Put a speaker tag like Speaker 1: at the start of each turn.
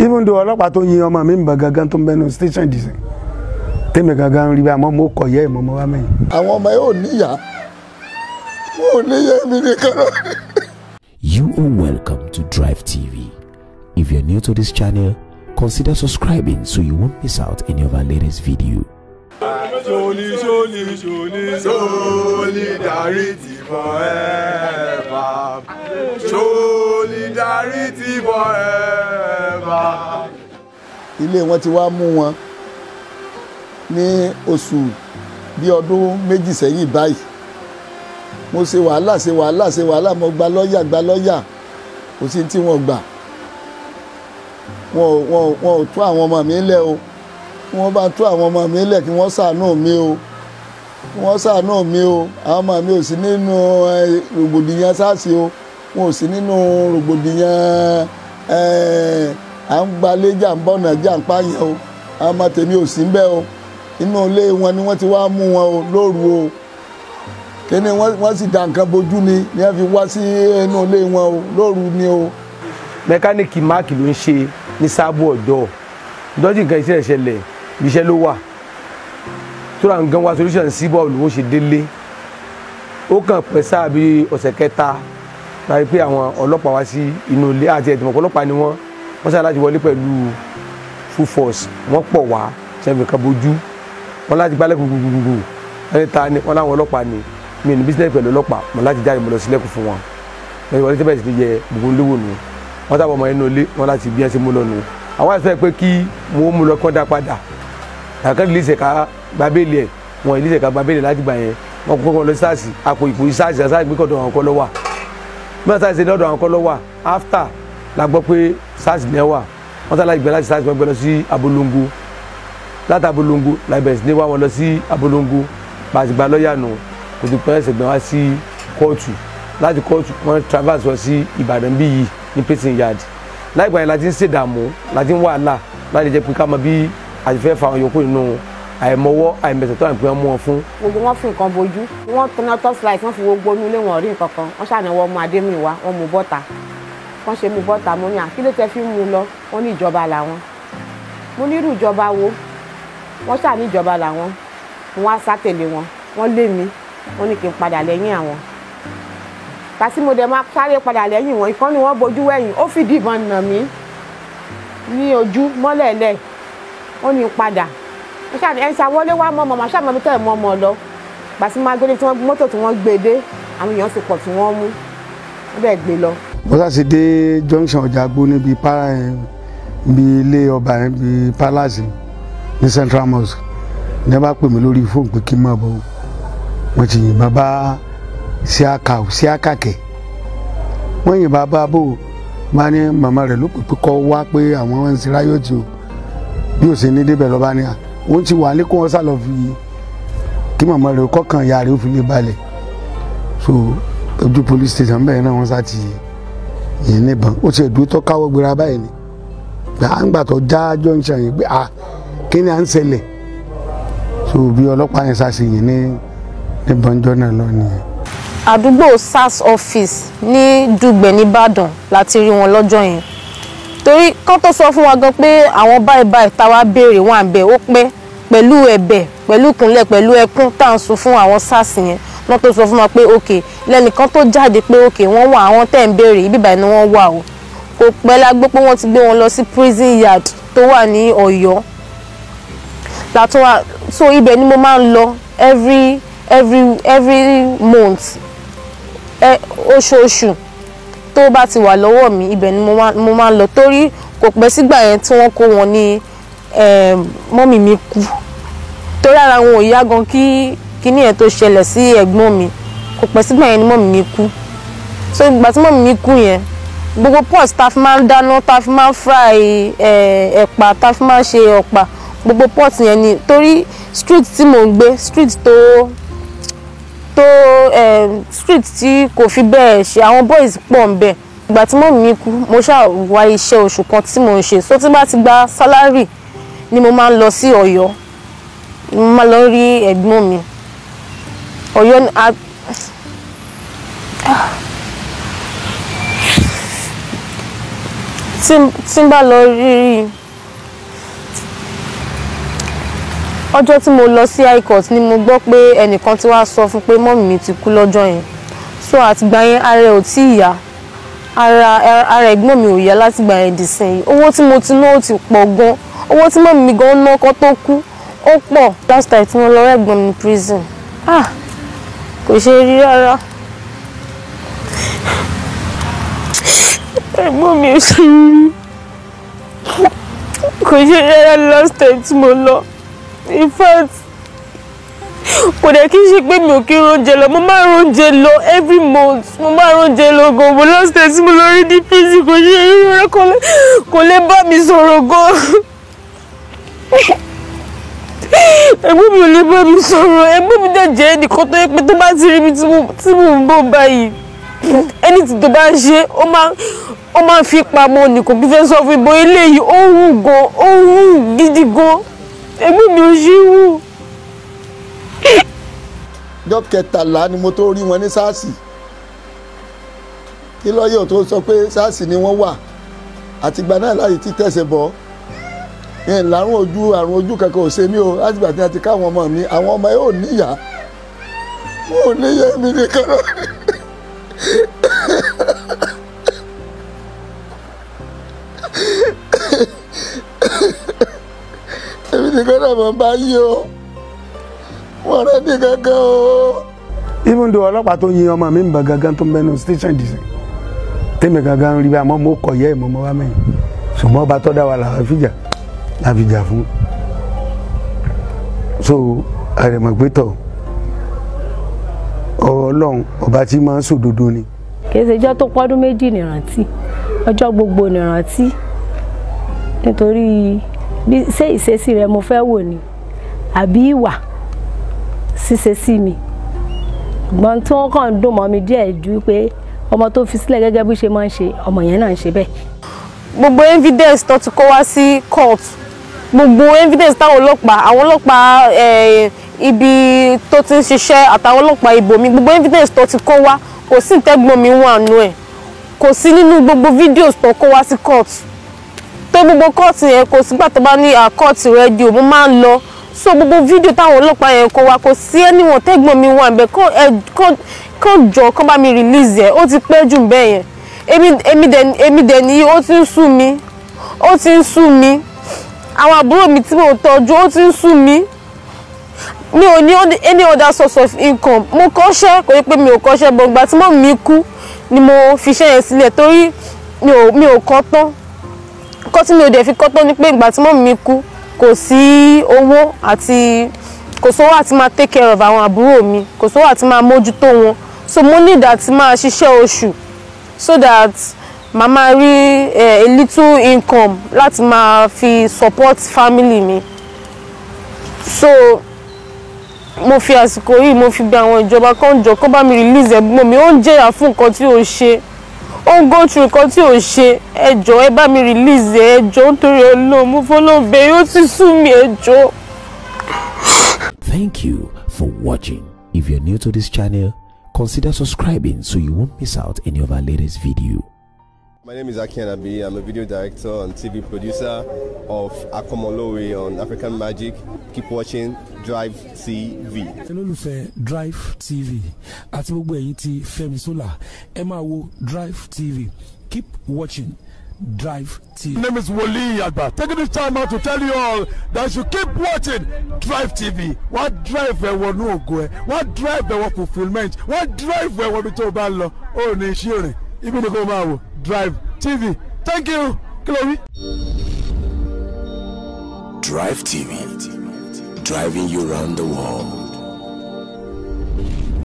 Speaker 1: even though ọlọ́pàá tó yin ọmọ mi ń bọ̀ gangan tó ń bẹ́nu station dìsìn tèmi gangan rí bá mọ́ mo kọ̀ yẹ́ ìmọ̀ mọ́ wá mẹ́yìn. àwọn ọmọ yóò níyà wọn níyà mi
Speaker 2: nìkan You are welcome to Drive TV. If you're new to this channel, consider subscribing so you won't miss out any of our latest videos
Speaker 1: sóní sóní sóní solidarity forever
Speaker 2: solidarity forever.
Speaker 3: ilé wọn ti wá mú wọn ní oṣù bí ọdún méjì sẹ́yìn báyìí mo ṣe wàhálà ṣe wàhálà ṣe wàhálà mo gba lọ́ọ̀yà gba lọ́ọ̀yà kò sí tí wọ́n gbà wọn ò tún àwọn ọmọ mi lẹ́ o kí wọ́n bá tú àwọn ọmọ mi lẹ̀ kí wọ́n ṣàánú mi o kí wọ́n ṣàánú mi o àwọn ọmọ mi ò sí nínú rògbòdìyàn sars o wọn ò sí nínú rògbòdìyàn à ń gbalé jà ń bọ̀nà jà ń pààyàn o àwọn ọmọ tèmi ò sí ń bẹ̀ o inú ilé wọn ni wọ́n ti wá mú wọn o lóru o kíni wọ́n sì da nǹkan bojú ni ni wọ́n
Speaker 2: fi wá sí inú ilé wọn o lóru ni o. mẹkáníìkì máàkì ló ń ṣe ní sáàbù ọ̀dọ́ dọ́jì nǹkan iṣẹ́ ìṣẹ̀lẹ̀ iṣẹ́ ló wà tó ra nǹkan wá solution sí bọ́ọ̀lù ó ṣe délé ó kàn pẹ́ sáà bí ọ̀sẹ̀ kẹta láti pé àwọn ọlọ́pàá wá sí inú ilé àti ẹ̀tìmọ̀kọ́ ọlọ́pàá ni wọ́n wọ́n sáré láti wọlé pẹ̀lú full force wọ́n pọ̀ wá sẹ́mi kan bójú wọ́n láti gbálẹ̀ gbùgbùgbùgbù ẹni ta ni wọ́n láwọn ọlọ́pàá ni mi ní bísíǹnẹ̀sì pẹ̀lú ọlọ́pàá mọ̀ láti jáde mọ̀ lọ sílẹ̀kùn fún wọn lẹ́yìn wọlé tẹ́bẹ̀sì ti yẹ gbogbo olówó nu wọ́n tábọ̀ ọmọ inú ilé wọ́n láti mo mú lọ àkàn release ẹ̀ka gba béèlì ẹ̀ wọn release ẹ̀ka gba béèlì láti gbà yẹn wọn kó kọ́ lọ SARS àpò ìpò SARS SARS gbé kọ́dọ̀ àwọn kọ́ lọ́wà mẹ́ta SARS ní ọ̀dọ̀ àwọn kọ́ lọ́wà after la gbọ́ pé SARS ní ẹ̀ wà wọ́n sá láti gbẹ láti SARS gbẹ lọ sí abolongo láti abolongo la bẹ̀rẹ̀ sí ní wá wọn lọ sí abolongo bàtí gba lọ́ọ̀yà nù kò tó pẹ́ ẹsẹ̀ gbẹ wá sí kóòtù láti kóòtù wọn traverse wọn sí Ìbàdàn bí ní prison yard láìpẹ́ yẹn la ti ń ṣèdààmú la ti ń wàhálà láti jẹ́ pé ká mọ bí àti fẹ́ fa àwọn yòókù nínú àìmọwọ́ àìmẹsẹ̀tọ́ àìpẹ́ ọmọ wọn fún.
Speaker 4: gbogbo wọn fi nǹkan bojú wọn tẹná torchlight wọn fi gbogbo inú ilé wọn rí nǹkan kan wọn ṣàná wọn mú adémi wá wọn mú bọ́tà wọn ṣe mú bọ́tà mo ní àkílé tẹ fi mú lọ wọn ní ìjọba làwọn mo ní irú ìjọba wo wọn ṣà ní ìjọba làwọn wọn á sá tẹ̀lé wọn wọn lé mi wọn ní kí n padà lẹ́yìn àwọn tàbí mo dẹ̀ máa sáré padà lẹ́yìn wọn ìkànnì wọn bojú wẹ̀yìn ó fìdí ìbọn nà mí ní ojú mọ́lẹ̀lẹ̀ ó ní padà ó ṣáà ẹ ṣá wọlé wá mọ́ ọmọ màá ṣáà mọ́ mi tẹ̀ mọ́ ọmọ lọ gbàtí máa gbélé tí wọ́n mọ́tò tí wọ́n gbé dé àwọn èèyàn ti pọ̀ tí wọ́n mú ó bẹ̀ gbé lọ.
Speaker 1: mo ṣàṣì dé junction ọ̀jàgbó níbi para yẹn eh, bí ilé ọba yẹn bí palace ní central mosque ní bá pè mí lórí fóònù pé kí n máa bọ̀ wọ́n ti yìnbọn bá síáka ò síáka kẹ̀ wọ́n yìnbọn bá bò wọ́n á ní màmá rẹ̀ ló pè pé kọ́ wá pé àwọn ń ṣe ráyọ̀tì o bí ó sì ní débẹ̀ lọ́ba ní à òun ti wà ní kó wọn sá lọ fi kí màmá rẹ̀ kọ́kàn ìyá rẹ̀ ó fi lè balẹ̀ so ojú police station bẹ́ẹ̀ náà wọ́n sá ti yìn níbọn ó ti ẹ̀dúró tó káwọ́ gbéra báyìí ni gbà á ń gbà tó já junction yìí pé à kí ni à ń ṣẹlẹ̀ so bí ọlọ́pàá yẹn sá sí yìn ní níbọn jọ́nà lọ nìyẹn
Speaker 4: àdúgbò sars office ní dùgbẹ̀ nìbàdàn láti rí wọn lọ́jọ́ yẹn torí kán tó sọ fún wa gan pé àwọn báyìí báyìí táwa béèrè wọn àbẹ̀ ó pẹ́ pẹ̀lú ẹ̀bẹ̀ pẹ̀lú ìkúnlẹ̀ pẹ̀lú ẹkún tá à ń sọ fún àwọn sars yẹn wọ́n tó sọ fún wa pé òkè lẹ́nìkan tó jáde pé òkè wọ́n wà àwọn tẹ̀ ń béèrè ibi báyìí ni wọ́n wà o kò pẹ́ la gbọ́ pé wọ́n ti gbé wọn lọ sí prison yard tó wà ní Ọ̀yọ́ látún wá so ibẹ̀ ni mo máa ń lọ every every every month oṣooṣù. Eh, tó bá ti wà lọ́wọ́ mi ibẹ̀ ni mo máa ń lọ torí kò pẹ́ sígbà yẹn tí wọ́n kó wọn ní ehm, mọ́mì mi kú torí ara wọn ò yá gan kí kíní yẹn tó ṣẹlẹ̀ sí ẹ̀gbọ́n mi kò pẹ́ sígbà yẹn ni mọ́mì mi kú so ìgbà tí mọ́mì mi kú yẹn gbogbo pot ta fi máa ń dáná ta fi máa ń fry e, ẹ̀pà ta fi máa ń ṣe ọ̀pà gbogbo pot yẹn ni torí street tí mò ń gbé street tó tó Eh, street tí kò fi bẹ́ẹ̀ ṣe àwọn boys pọ̀ ń bẹ̀ ìgbà tí mọ́mì mi kú mo ṣáà iṣẹ́ oṣù kan tí mo ń ṣe so tí bá ti gba sálárì ni mo máa ń lọ sí Ọ̀yọ́ mo máa lọ rí ẹ̀gbọ́n mi Ọ̀yọ́ a. tí n bá lọ rí i. ọjọ́ tí mo lọ sí high court ni mo gbọ́ pé ẹnìkan ti wá sọ fún pé mọ́mì mi ti kú lọ́jọ́ yẹn so àtìgbà yẹn ara ẹ̀ ò tí ì yá ara ara ẹ̀gbọ́n mi ò yá látìgbà yẹn dì sẹ́yìn owó tí mo ti ná ó ti pọ̀ gan owó tí mọ́mì mi gan ná kọ́ tó kú ó pọ̀ last time tí wọ́n lọ rẹ́gbọ́n mi prison ah kò ṣe rí rárá ẹ̀gbọ́n mi ò ṣe rí kò ṣe rí rárá last time tí mo lọ in fact kò dẹ̀ kí n ṣe pé mi ò kí oúnjẹ lọ mo máa ń oúnjẹ lọ every month mo máa ń oúnjẹ lọ gan mo last day tí mo lọ rí DPC kò ṣe rírọ kò lè bá mi sọ̀rọ̀ gan ẹ̀gbọ́n mi ò lè bá mi sọ̀rọ̀ ẹ̀gbọ́n mi dẹ̀ jẹ́ ẹnìkan tó yẹ pé tó bá ti rí mi tí mò ń bọ̀ báyìí ẹni tó bá ń ṣe ó máa ó máa fi pamọ́ nìkan bí fẹ́ sọ fún mi bọ́ eléyìí ó wù gan ó wù gidi gan ẹ̀mí mi ò ṣe wò.
Speaker 3: ọjọ́ kẹtàlá ni mo tó rí wọn ní sars kí lọ́yọ̀ tó sọ pé sars ni wọ́n wà àtìgbà náà láyé ti tẹ̀sẹ̀ bọ̀ yẹn lárùn ojú àrùn ojú kankan ò ṣe mí o látìgbà tí a ti káwọn ọmọ mi àwọn ọmọ yóò níyà wọn ò níyà èmi nìkan náà. nìkan mọ̀ bá o
Speaker 1: wọ́n rẹ́ nìkan kan o. even though ọlọ́pàá tó yin ọmọ mi ń bọ̀ gangan tó ń bẹnu station dìsẹ̀ tèmi gangan rí bá mọ́ mo kọ̀ yẹ́ ìmọ̀ mọ́ wá mẹ́yìn ṣùgbọ́n ọba tọ́da wa làwọn fìjà la fún so àrèmọ̀gbẹ́tọ̀ ọ̀rọ̀ ọlọ́run ọba tí máa ń sòdodo ni.
Speaker 4: kìí ṣe ijọ́ tó pọ́dún méjì nìrántí ọjọ́ gbogbo nìrántí nítorí bí ṣé ìṣesí rẹ mo fẹ́ wò ni àbí ìwà ṣíṣe sí mi gbọ́n tí wọ́n kàn ń dùn mọ́ mi díẹ̀ ju pé ọmọ tó fi sílẹ̀ gẹ́gẹ́ bó ṣe máa ń ṣe ọmọ yẹn náà ń ṣe bẹ́ẹ̀. gbogbo evidence tó ti kó wá sí court gbogbo evidence táwọn ọlọ́pàá àwọn ọlọ́pàá ibi tó ti ń ṣiṣẹ́ àtàwọn ọlọ́pàá ibòmí gbogbo evidence tó ti kó wá kò sí ìtẹ́gbọ̀n mi wà nù ẹ̀ kò sí nínú gbogbo videos tó kó wá sí court pé gbogbo kóòtù yẹn kò sígbà tó bá ní àkọ́ọ̀tì rẹ́díò mo máa ń lọ so gbogbo fídíò táwọn ọlọ́pàá yẹn kó wa kò sí ẹniwọ̀n tẹ́gbọ̀n mi wà bẹ́ẹ̀ kó jọ kó bá mi release ẹ̀ ó ti pẹ́ jù bẹ́ẹ̀ yẹn èmi dẹ̀ ní ó ti ń sú mi ó ti ń sú mi àwọn àbúrò mi tí mò tọ́jú ó ti ń sú mi mi ò ní any other source of income mo kọ́ṣẹ́ kò yẹ pé mi ò kọ́ṣẹ́ gbọ̀ngbà tí mọ́ mi kú ni mo fi ṣẹ́yẹn sílẹ̀ torí mi ò kọ́ tán kọ́ tí mi ò dẹ̀ fi kọ́ tó ni pé ìgbà tí mọ́mì mi kú kò sí owó àti kò sówó àti máa take care of àwọn àbúrò mi kò sówó àti máa mójútó wọn so mo need àti máa ṣiṣẹ́ oṣù so that màá máa rí a little income láti máa fi support family mi so mo fi àsìkò yìí mo fi bí àwọn ìjọba kan jọ kó bá mi release ẹ̀gbọ́n mi ó ń jẹ́yà fún nǹkan tí ó ṣe ó ń go through nǹkan tí ò ṣe ẹjọ ẹ bá mi release ẹ ẹjọ nítorí Ọlọ́run mo fọlọ́ọ̀bẹ yóò ti sú mi ẹjọ.
Speaker 2: Thank you for watching. If you're new to this channel, consider subscribing so you won't miss out any of our latest videos.
Speaker 1: My name is Akian Anabi. I'm a video director and TV producer of Akomolowe on African Magic. Keep watching Drive TV.
Speaker 2: Drive TV àti gbogbo ẹ̀yin tí Fẹ́mi Sola Drive TV keep watching. Drive TV. My name is Wole Agba. Taking this time out to tell you all that you keep watching Drive TV. What drive
Speaker 1: ẹ̀wọ̀ will ògo go? What drive will fulfilment, What drive will be tó o bá lọ, ó ní drive tv thank you kí
Speaker 2: drive tv driving you round the world.